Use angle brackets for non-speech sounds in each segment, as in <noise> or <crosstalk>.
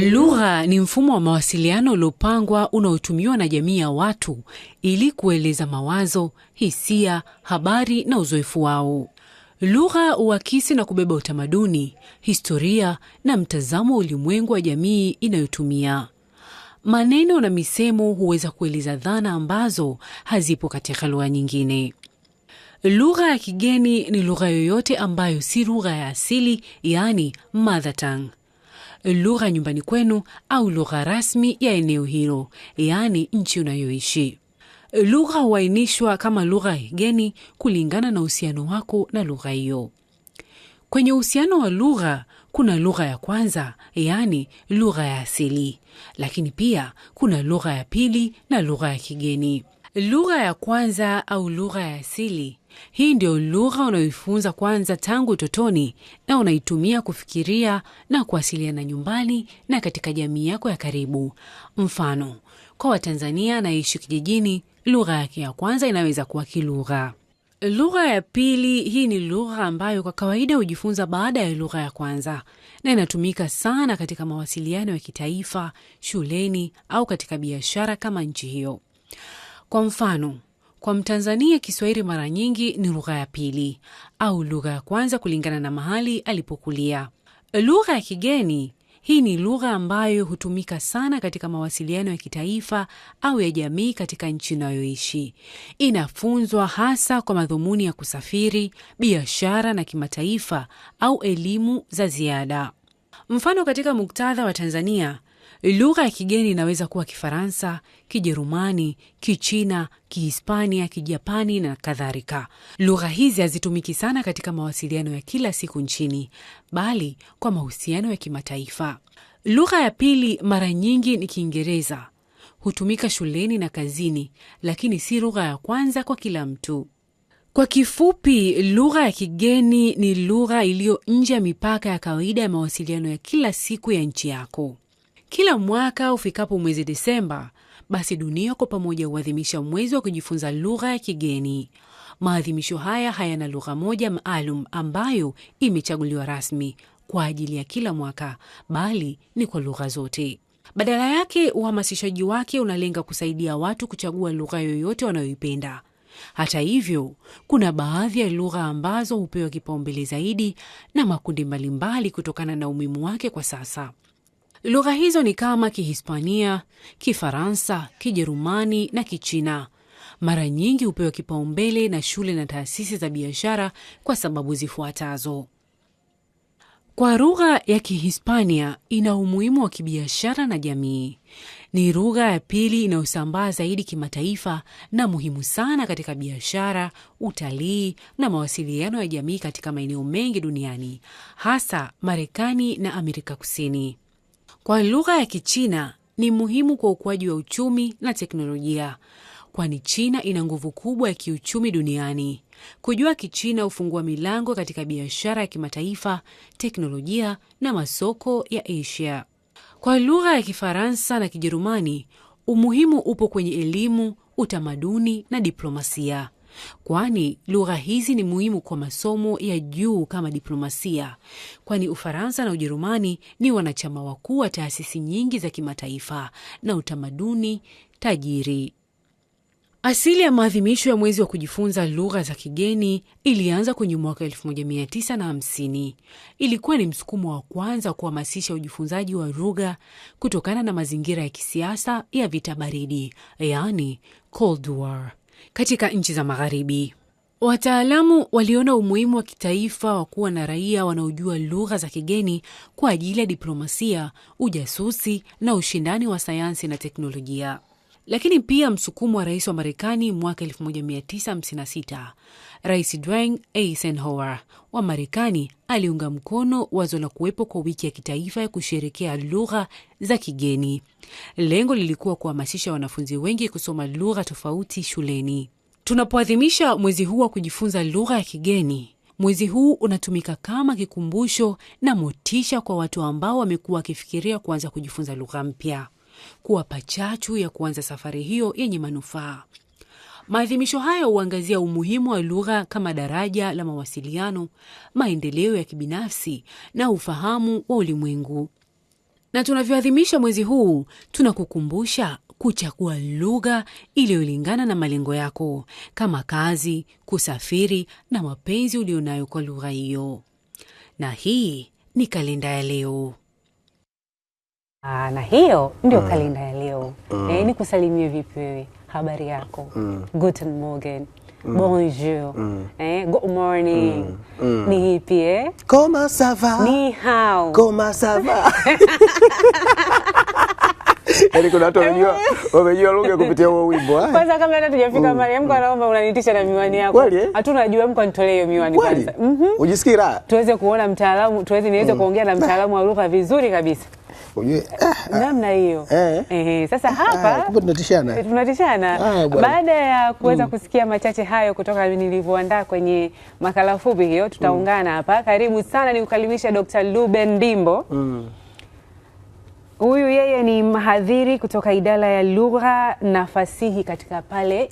Lugha ni mfumo wa mawasiliano uliopangwa unaotumiwa na jamii ya watu ili kueleza mawazo, hisia, habari na uzoefu wao. Lugha huakisi na kubeba utamaduni, historia na mtazamo wa ulimwengu wa jamii inayotumia. Maneno na misemo huweza kueleza dhana ambazo hazipo katika lugha nyingine. Lugha ya kigeni ni lugha yoyote ambayo si lugha ya asili, yaani mother lugha nyumbani kwenu au lugha rasmi ya eneo hilo, yaani nchi unayoishi. Lugha huainishwa kama lugha geni kulingana na uhusiano wako na lugha hiyo. Kwenye uhusiano wa lugha kuna lugha ya kwanza, yaani lugha ya asili, lakini pia kuna lugha ya pili na lugha ya kigeni. Lugha ya kwanza au lugha ya asili hii ndio lugha unayoifunza kwanza tangu utotoni na unaitumia kufikiria na kuwasiliana nyumbani na katika jamii yako ya karibu. Mfano, kwa Watanzania anayeishi kijijini, lugha yake ya kwanza inaweza kuwa Kilugha. Lugha ya pili, hii ni lugha ambayo kwa kawaida hujifunza baada ya lugha ya kwanza na inatumika sana katika mawasiliano ya kitaifa, shuleni au katika biashara kama nchi hiyo. Kwa mfano, kwa Mtanzania, Kiswahili mara nyingi ni lugha ya pili au lugha ya kwanza kulingana na mahali alipokulia. Lugha ya kigeni hii ni lugha ambayo hutumika sana katika mawasiliano ya kitaifa au ya jamii katika nchi inayoishi. Inafunzwa hasa kwa madhumuni ya kusafiri, biashara na kimataifa au elimu za ziada. Mfano, katika muktadha wa Tanzania, Lugha ya kigeni inaweza kuwa Kifaransa, Kijerumani, Kichina, Kihispania, Kijapani na kadhalika. Lugha hizi hazitumiki sana katika mawasiliano ya kila siku nchini, bali kwa mahusiano ya kimataifa. Lugha ya pili mara nyingi ni Kiingereza. Hutumika shuleni na kazini, lakini si lugha ya kwanza kwa kila mtu. Kwa kifupi, lugha ya kigeni ni lugha iliyo nje ya mipaka ya kawaida ya mawasiliano ya kila siku ya nchi yako. Kila mwaka ufikapo mwezi disemba basi dunia kwa pamoja huadhimisha mwezi wa kujifunza lugha ya kigeni. Maadhimisho haya hayana lugha moja maalum ambayo imechaguliwa rasmi kwa ajili ya kila mwaka, bali ni kwa lugha zote. Badala yake, uhamasishaji wake unalenga kusaidia watu kuchagua lugha yoyote wanayoipenda. Hata hivyo, kuna baadhi ya lugha ambazo hupewa kipaumbele zaidi na makundi mbalimbali kutokana na umuhimu wake kwa sasa. Lugha hizo ni kama Kihispania, Kifaransa, Kijerumani na Kichina. Mara nyingi hupewa kipaumbele na shule na taasisi za biashara kwa sababu zifuatazo. Kwa lugha ya Kihispania ina umuhimu wa kibiashara na jamii. Ni lugha ya pili inayosambaa zaidi kimataifa na muhimu sana katika biashara, utalii na mawasiliano ya jamii katika maeneo mengi duniani, hasa Marekani na Amerika Kusini kwa lugha ya Kichina ni muhimu kwa ukuaji wa uchumi na teknolojia, kwani China ina nguvu kubwa ya kiuchumi duniani. Kujua Kichina hufungua milango katika biashara ya kimataifa, teknolojia na masoko ya Asia. Kwa lugha ya Kifaransa na Kijerumani, umuhimu upo kwenye elimu, utamaduni na diplomasia kwani lugha hizi ni muhimu kwa masomo ya juu kama diplomasia, kwani Ufaransa na Ujerumani ni wanachama wakuu wa taasisi nyingi za kimataifa na utamaduni tajiri. Asili ya maadhimisho ya mwezi wa kujifunza lugha za kigeni ilianza kwenye mwaka 1950. Ilikuwa ni msukumo wa kwanza kuhamasisha ujifunzaji wa lugha kutokana na mazingira ya kisiasa ya vita baridi, yani Cold War katika nchi za Magharibi. Wataalamu waliona umuhimu wa kitaifa wa kuwa na raia wanaojua lugha za kigeni kwa ajili ya diplomasia, ujasusi na ushindani wa sayansi na teknolojia lakini pia msukumo wa rais wa Marekani mwaka 1956. Rais Dwight Eisenhower wa Marekani aliunga mkono wazo la kuwepo kwa wiki ya kitaifa ya kusherekea lugha za kigeni. Lengo lilikuwa kuhamasisha wanafunzi wengi kusoma lugha tofauti shuleni. Tunapoadhimisha mwezi huu wa kujifunza lugha ya kigeni, mwezi huu unatumika kama kikumbusho na motisha kwa watu ambao wamekuwa wakifikiria kuanza kujifunza lugha mpya kuwapa chachu ya kuanza safari hiyo yenye manufaa. Maadhimisho hayo huangazia umuhimu wa lugha kama daraja la mawasiliano, maendeleo ya kibinafsi na ufahamu wa ulimwengu. Na tunavyoadhimisha mwezi huu, tunakukumbusha kuchagua lugha iliyolingana na malengo yako kama kazi, kusafiri na mapenzi ulionayo kwa lugha hiyo. Na hii ni kalenda ya leo. Aa, ah, na hiyo ndio mm. kalenda ya leo mm. E, eh, ni kusalimie vipi wewe, habari yako mm. Guten Morgen mm. Bonjour mm. Eh, good morning mm. Mm. ni hipi eh? Koma sava Ni hao. koma sava va? <laughs> Yaani kuna watu wamejua wamejua lugha kupitia huo wimbo. Eh? Kwanza kabla hata tujafika mali mm. mko anaomba unanitisha na miwani yako. Eh? Hatuna jua mko nitolee hiyo miwani kwanza. Mhm. Ujisikii raha? Tuweze kuona mtaalamu, tuweze niweze mm. kuongea na mtaalamu wa lugha vizuri kabisa. Ujue ah, ah, ah. namna hiyo eh. Eh, sasa hapa tunatishana tunatishana baada ya kuweza mm. kusikia machache hayo kutoka nilivyoandaa kwenye makala fupi hiyo, tutaungana mm. hapa. Karibu sana ni kukaribisha Dr. Ruben Ndimbo mm. Huyu yeye ni mhadhiri kutoka idara ya lugha na fasihi katika pale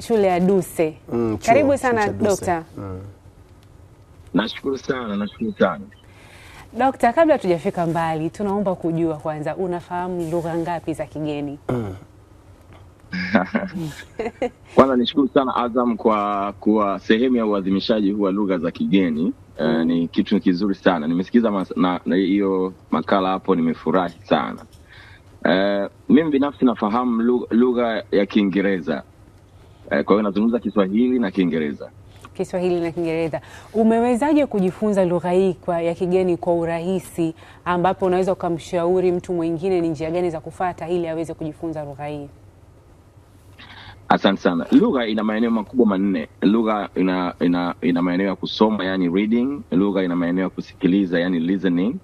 shule ya Duse. Mm, karibu sana dokta. Mm. Nashukuru sana, nashukuru sana. Dokta, kabla tujafika mbali, tunaomba kujua kwanza, unafahamu lugha ngapi za kigeni? Mm. <laughs> Kwanza nishukuru sana Azam kwa kuwa sehemu ya uadhimishaji huu wa lugha za kigeni. Uh, ni kitu kizuri sana. Nimesikiza hiyo makala hapo, nimefurahi sana. Uh, mimi binafsi nafahamu lugha ya Kiingereza. Uh, kwa hiyo nazungumza Kiswahili na Kiingereza. Kiswahili na Kiingereza. Umewezaje kujifunza lugha hii ya kigeni kwa urahisi, ambapo unaweza ukamshauri mtu mwingine ni njia gani za kufata ili aweze kujifunza lugha hii? Asante sana. Lugha ina maeneo makubwa manne. Lugha ina ina, ina maeneo ya kusoma yani reading, lugha ina maeneo ya kusikiliza yani listening,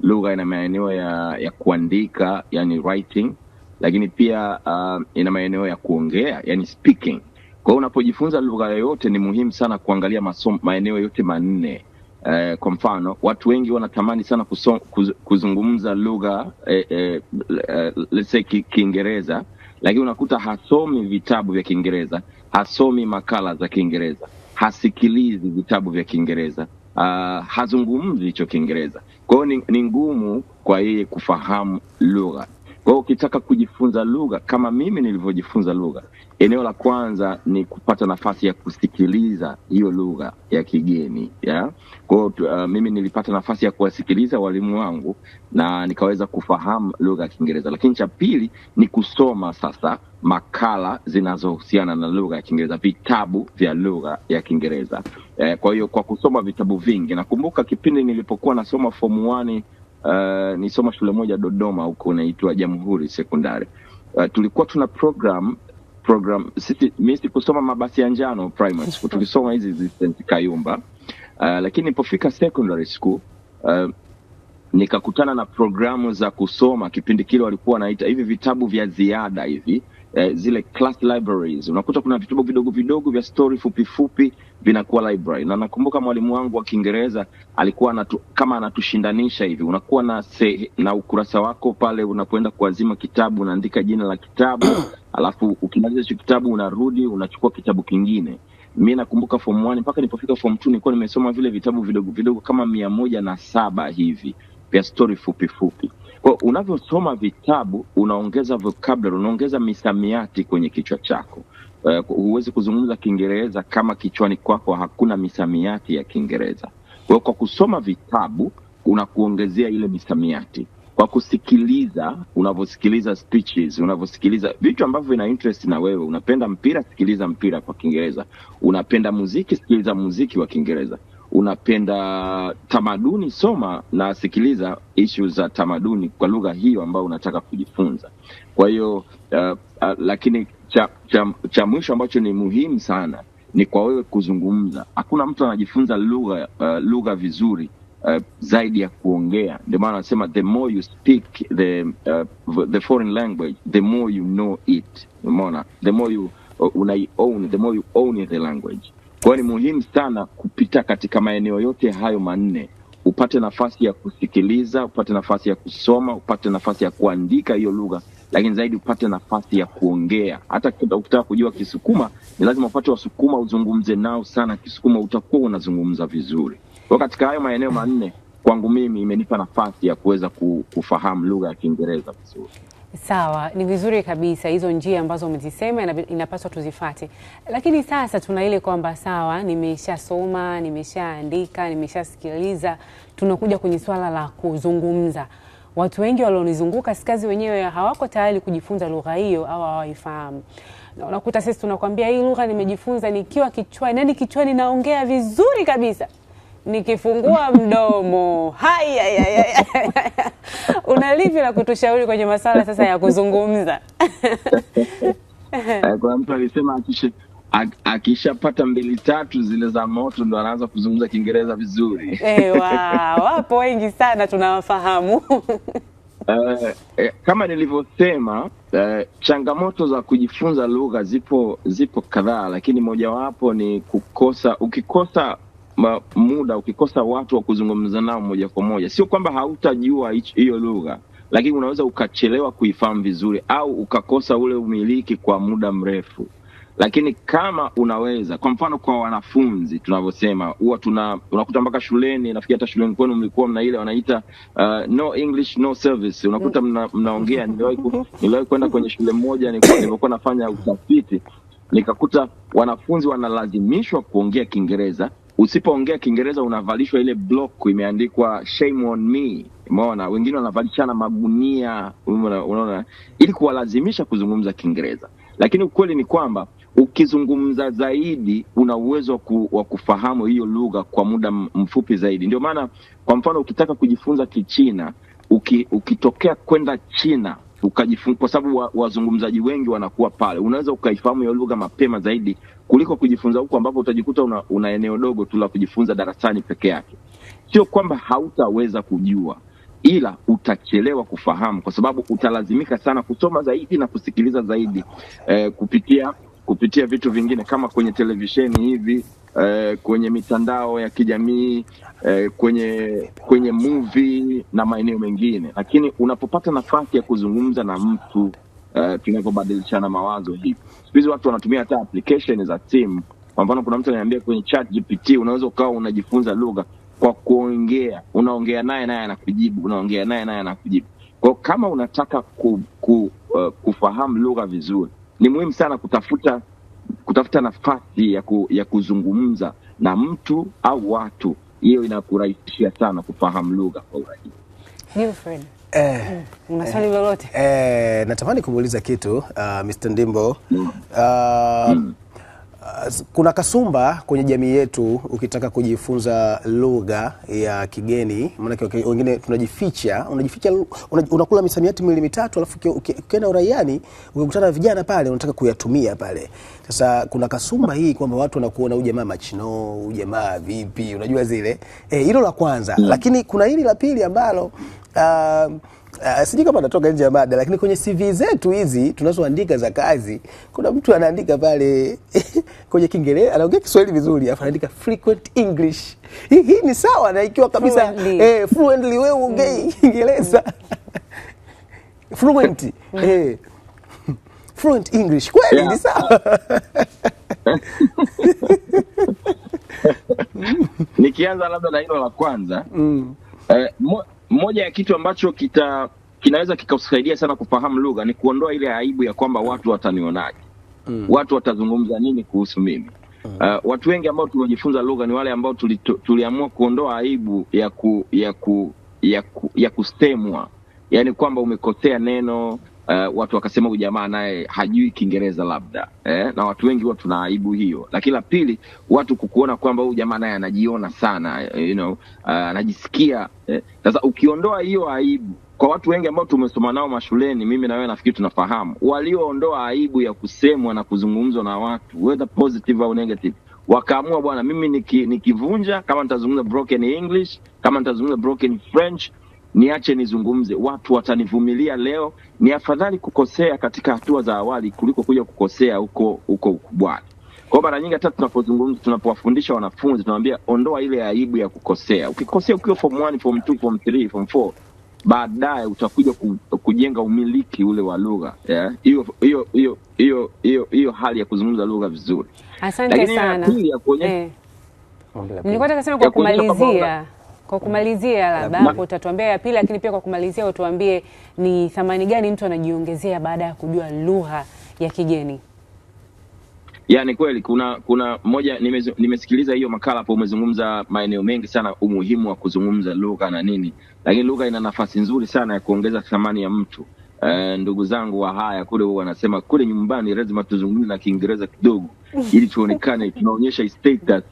lugha ina maeneo ya, ya kuandika yani writing, lakini pia uh, ina maeneo ya kuongea yani speaking. Kwa hiyo unapojifunza lugha yoyote ni muhimu sana kuangalia masomo, maeneo yote manne. Eh, kwa mfano watu wengi wanatamani sana kuso, kuz, kuzungumza lugha eh, eh, eh let's say Kiingereza ki lakini unakuta hasomi vitabu vya Kiingereza, hasomi makala za Kiingereza, hasikilizi vitabu vya Kiingereza, uh, hazungumzi hicho Kiingereza. Kwa hiyo ni, ni ngumu kwa yeye kufahamu lugha. Kwa ukitaka kujifunza lugha kama mimi nilivyojifunza lugha, eneo la kwanza ni kupata nafasi ya kusikiliza hiyo lugha ya kigeni ya. Kwa hiyo uh, mimi nilipata nafasi ya kuwasikiliza walimu wangu na nikaweza kufahamu lugha ya Kiingereza, lakini cha pili ni kusoma sasa makala zinazohusiana na lugha ya Kiingereza, vitabu vya lugha ya Kiingereza. Eh, kwa hiyo kwa kusoma vitabu vingi, nakumbuka kipindi nilipokuwa nasoma form wani uh, nisoma shule moja Dodoma huko inaitwa Jamhuri Sekondari. Uh, tulikuwa tuna program program mimi sikusoma mabasi ya njano primary school, tulisoma hizi Vincent Kayumba uh, lakini nilipofika secondary school uh, nikakutana na programu za kusoma. Kipindi kile walikuwa wanaita hivi vitabu vya ziada hivi eh, zile class libraries, unakuta kuna vitabu vidogo vidogo vya story fupi fupi vinakuwa library. Na nakumbuka mwalimu wangu wa Kiingereza alikuwa anatu, kama anatushindanisha hivi, unakuwa na se, na ukurasa wako pale unapoenda kuazima kitabu, unaandika jina la kitabu <coughs> alafu ukimaliza hicho kitabu unarudi unachukua kitabu kingine. Mi nakumbuka form 1 mpaka nilipofika form 2 nilikuwa nimesoma vile vitabu vidogo vidogo kama mia moja na saba hivi vya story fupi fupi. Kwa unavyosoma vitabu unaongeza vocabulary, unaongeza misamiati kwenye kichwa chako. Eh, huwezi kuzungumza Kiingereza kama kichwani kwako hakuna misamiati ya Kiingereza. Kwa kwa kusoma vitabu unakuongezea ile misamiati, kwa kusikiliza, unavyosikiliza speeches, unavyosikiliza vitu ambavyo vina interest na wewe. Unapenda mpira, sikiliza mpira kwa Kiingereza. Unapenda muziki, sikiliza muziki wa Kiingereza unapenda tamaduni, soma na sikiliza ishu za tamaduni kwa lugha hiyo ambayo unataka kujifunza. Kwa hiyo uh, uh, lakini cha, cha, cha mwisho ambacho ni muhimu sana ni kwa wewe kuzungumza. Hakuna mtu anajifunza lugha uh, lugha vizuri uh, zaidi ya kuongea. Ndio maana anasema the more you speak the, uh, the foreign language the more you know it. Umeona, the more you uh, unai own the more you own the language kwa hiyo ni muhimu sana kupita katika maeneo yote hayo manne, upate nafasi ya kusikiliza, upate nafasi ya kusoma, upate nafasi ya kuandika hiyo lugha, lakini zaidi upate nafasi ya kuongea. Hata ukitaka kujua Kisukuma ni lazima upate Wasukuma, uzungumze nao sana Kisukuma, utakuwa unazungumza vizuri. Kwa katika hayo maeneo manne, kwangu mimi imenipa nafasi ya kuweza kufahamu lugha ya Kiingereza vizuri. Sawa, ni vizuri kabisa hizo njia ambazo umezisema inapaswa tuzifate, lakini sasa tuna ile kwamba sawa, nimeshasoma, nimeshaandika, nimeshasikiliza, tunakuja kwenye swala la kuzungumza. Watu wengi walionizunguka, sikazi wenyewe, hawako tayari kujifunza lugha hiyo au hawaifahamu. Unakuta sisi tunakwambia hii lugha nimejifunza nikiwa kichwani, yani kichwani naongea vizuri kabisa nikifungua mdomo hai una lipi la kutushauri kwenye masala sasa ya kuzungumza? Eh, Kwa mtu alisema akishapata mbili tatu zile za moto ndo anaanza kuzungumza Kiingereza vizuri. Ewa, eh, <laughs> wapo wengi sana tunawafahamu. Uh, eh, kama nilivyosema eh, changamoto za kujifunza lugha zipo zipo kadhaa, lakini mojawapo ni kukosa, ukikosa ma, muda ukikosa watu wa kuzungumza nao moja kwa moja, sio kwamba hautajua hiyo lugha, lakini unaweza ukachelewa kuifahamu vizuri au ukakosa ule umiliki kwa muda mrefu. Lakini kama unaweza, kwa mfano, kwa wanafunzi tunavyosema, huwa tuna unakuta mpaka shuleni, nafikiri hata shuleni kwenu mlikuwa mna ile wanaita uh, no English no service, unakuta mna, mnaongea. Niliwahi kwenda kwenye shule moja nilipokuwa nafanya utafiti, nikakuta wanafunzi wanalazimishwa kuongea Kiingereza usipoongea Kiingereza unavalishwa ile block imeandikwa shame on me. Umeona, wengine wanavalishana magunia, unaona, ili kuwalazimisha kuzungumza Kiingereza. Lakini ukweli ni kwamba ukizungumza zaidi una uwezo ku, wa kufahamu hiyo lugha kwa muda mfupi zaidi. Ndio maana kwa mfano ukitaka kujifunza Kichina uki, ukitokea kwenda China ukajifunza, kwa sababu wazungumzaji wengi wanakuwa pale, unaweza ukaifahamu hiyo lugha mapema zaidi kuliko kujifunza huku ambapo utajikuta una, una eneo dogo tu la kujifunza darasani peke yake. Sio kwamba hautaweza kujua, ila utachelewa kufahamu, kwa sababu utalazimika sana kusoma zaidi na kusikiliza zaidi eh, kupitia kupitia vitu vingine kama kwenye televisheni hivi eh, kwenye mitandao ya kijamii eh, kwenye kwenye movie na maeneo mengine, lakini unapopata nafasi ya kuzungumza na mtu Eh, tunavyobadilishana mawazo hivi. Siku hizi watu wanatumia hata application za simu. Kwa mfano, kuna mtu ananiambia kwenye chat GPT unaweza ukawa unajifunza lugha kwa kuongea, unaongea naye naye anakujibu, unaongea naye naye anakujibu. kwao kama unataka ku, ku, uh, kufahamu lugha vizuri, ni muhimu sana kutafuta kutafuta nafasi ya, ku, ya kuzungumza na mtu au watu, hiyo inakurahisishia sana kufahamu lugha kwa urahisi eh, mm. una swali lolote eh? natamani kumuuliza kitu uh, Mr. Ndimbo mm. uh, mm. Uh, kuna kasumba kwenye jamii yetu, ukitaka kujifunza lugha ya kigeni, maanake wengine tunajificha, unajificha, unakula misamiati miwili mitatu, alafu ukienda uraiani ukikutana vijana pale unataka kuyatumia pale. Sasa kuna kasumba hii kwamba watu wanakuona ujamaa machino, ujamaa vipi, unajua zile eh, hilo. E, la kwanza mm. Lakini kuna hili la pili ambalo uh, Uh, sijui kama natoka nje ya mada, lakini kwenye CV zetu hizi tunazoandika za kazi, kuna mtu anaandika pale <laughs> kwenye Kiingereza, anaongea Kiswahili vizuri, afa anaandika frequent English. Hii hi, ni sawa na ikiwa kabisa fluently, eh, fluently wewe mm. Kiingereza <laughs> fluent mm. eh, fluent English kweli, yeah. Ni sawa <laughs> nikianza labda na hilo la kwanza mm. eh, moja ya kitu ambacho kita kinaweza kikakusaidia sana kufahamu lugha ni kuondoa ile aibu ya kwamba watu watanionaje, mm. watu watazungumza nini kuhusu mimi. Mm. Uh, watu wengi ambao tumejifunza lugha ni wale ambao tuli, tuliamua kuondoa aibu ya ku, ya ku, ya ku, ya kustemwa, yaani kwamba umekosea neno uh, watu wakasema huyu jamaa naye hajui Kiingereza labda eh, na watu wengi huwa tuna aibu hiyo. Lakini la pili, watu kukuona kwamba huyu jamaa naye anajiona sana eh, you know, eh, anajisikia sasa eh. Ukiondoa hiyo aibu kwa watu wengi ambao tumesoma nao mashuleni, mimi na wewe nafikiri tunafahamu, walioondoa aibu ya kusemwa na kuzungumzwa na watu whether positive au negative wakaamua bwana, mimi nikivunja, niki kama nitazungumza broken English, kama nitazungumza broken French, niache nizungumze, watu watanivumilia leo. Ni afadhali kukosea katika hatua za awali kuliko kuja kukosea huko huko ukubwani. Kwa mara nyingi hata tunapozungumza, tunapowafundisha wanafunzi tunawaambia, ondoa ile aibu ya kukosea. Ukikosea ukiwa form 1, form 2, form 3, form 4 baadaye utakuja kujenga umiliki ule wa lugha eh? hiyo hiyo hiyo hiyo hiyo hiyo hali ya kuzungumza lugha vizuri. Asante sana. Lakini ya pili ya kuonyesha eh. Nilikuwa nataka kusema kwa kumalizia kwa kumalizia, labda hapo utatuambia ya pili, lakini pia kwa kumalizia utuambie ni thamani gani mtu anajiongezea baada ya kujua lugha ya kigeni. Yani kweli kuna kuna moja nimezu, nimesikiliza hiyo makala hapo, umezungumza maeneo mengi sana, umuhimu wa kuzungumza lugha na nini, lakini lugha ina nafasi nzuri sana ya kuongeza thamani ya mtu. Uh, ndugu zangu wa haya kule wanasema kule nyumbani lazima tuzungumze na Kiingereza kidogo ili tuonekane tunaonyesha status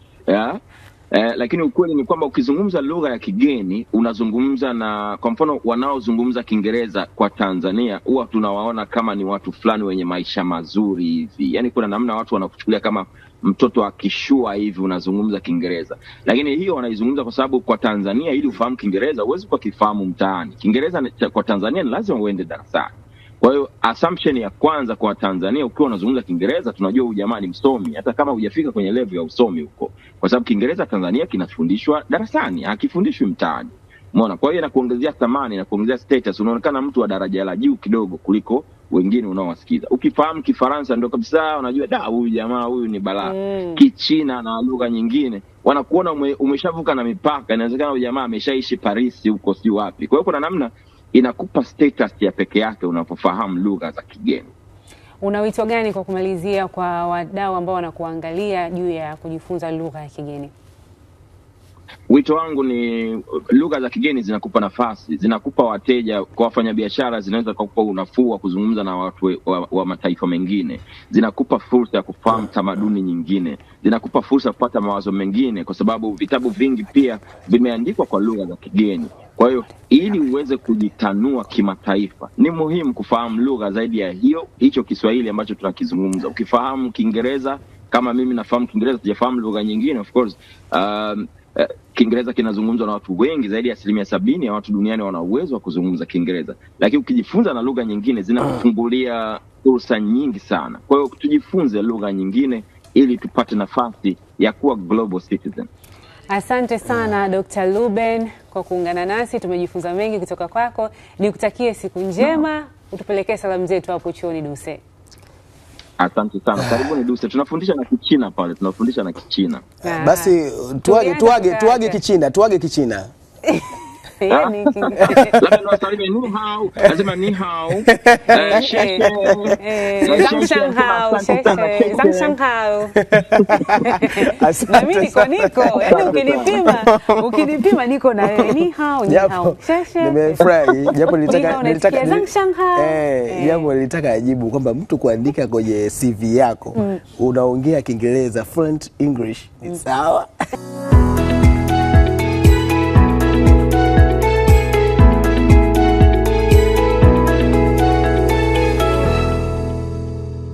eh, lakini ukweli ni kwamba ukizungumza lugha ya kigeni unazungumza na, kwa mfano, wanaozungumza Kiingereza kwa Tanzania huwa tunawaona kama ni watu fulani wenye maisha mazuri hivi, yaani kuna namna watu wanakuchukulia kama mtoto akishua hivi unazungumza Kiingereza, lakini hiyo wanaizungumza kwa sababu kwa Tanzania, ili ufahamu Kiingereza huwezi kuwa kifahamu mtaani. Kiingereza kwa Tanzania ni lazima uende darasani. Kwa hiyo assumption ya kwanza kwa Tanzania, ukiwa unazungumza Kiingereza tunajua huyu jamaa ni msomi, hata kama hujafika kwenye level ya usomi huko, kwa sababu Kiingereza Tanzania kinafundishwa darasani, hakifundishwi mtaani. Umeona, kwa hiyo inakuongezea thamani, inakuongezea status, unaonekana mtu wa daraja la juu kidogo kuliko wengine unaowasikiza. Ukifahamu Kifaransa ndio kabisa, unajua da, huyu jamaa huyu ni balaa mm. Kichina na lugha nyingine wanakuona ume, umeshavuka na mipaka, inawezekana huyu jamaa ameshaishi Paris huko sijui wapi. Kwa hiyo kuna namna inakupa status ya peke yake unapofahamu lugha za kigeni. Una wito gani kwa kumalizia kwa wadau ambao wanakuangalia juu ya kujifunza lugha ya kigeni? Wito wangu ni lugha za kigeni zinakupa nafasi, zinakupa wateja kwa wafanyabiashara, zinaweza kukupa unafuu wa kuzungumza na watu wa, wa mataifa mengine, zinakupa fursa ya kufahamu tamaduni nyingine, zinakupa fursa ya kupata mawazo mengine, kwa sababu vitabu vingi pia vimeandikwa kwa lugha za kigeni. Kwa hiyo ili uweze kujitanua kimataifa ni muhimu kufahamu lugha zaidi ya hiyo, hicho Kiswahili ambacho tunakizungumza. Ukifahamu Kiingereza kama mimi nafahamu Kiingereza, tujafahamu lugha nyingine of course. Um, eh, Kiingereza kinazungumzwa na watu wengi, zaidi ya asilimia sabini ya watu duniani wana uwezo wa kuzungumza Kiingereza, lakini ukijifunza na lugha nyingine zinakufungulia fursa nyingi sana. Kwa hiyo tujifunze lugha nyingine ili tupate nafasi ya kuwa global citizen. Asante sana Dr. Ruben kwa kuungana nasi, tumejifunza mengi kutoka kwako. Nikutakie siku njema, utupelekee salamu zetu hapo chuoni Duse. Asante sana, karibuni Duse. Tunafundisha na Kichina pale, tunafundisha na Kichina. Ah, Basi tuage tuage tuage Kichina, tuage Kichina <laughs> <laughs> Ni ni <laughs> yaani ukinipima, niko na <laughs> Nimefurahi japo eh, eh. jambo nilitaka ajibu kwamba mtu kuandika kwenye CV yako mm. unaongea Kiingereza, fluent English ni mm. sawa.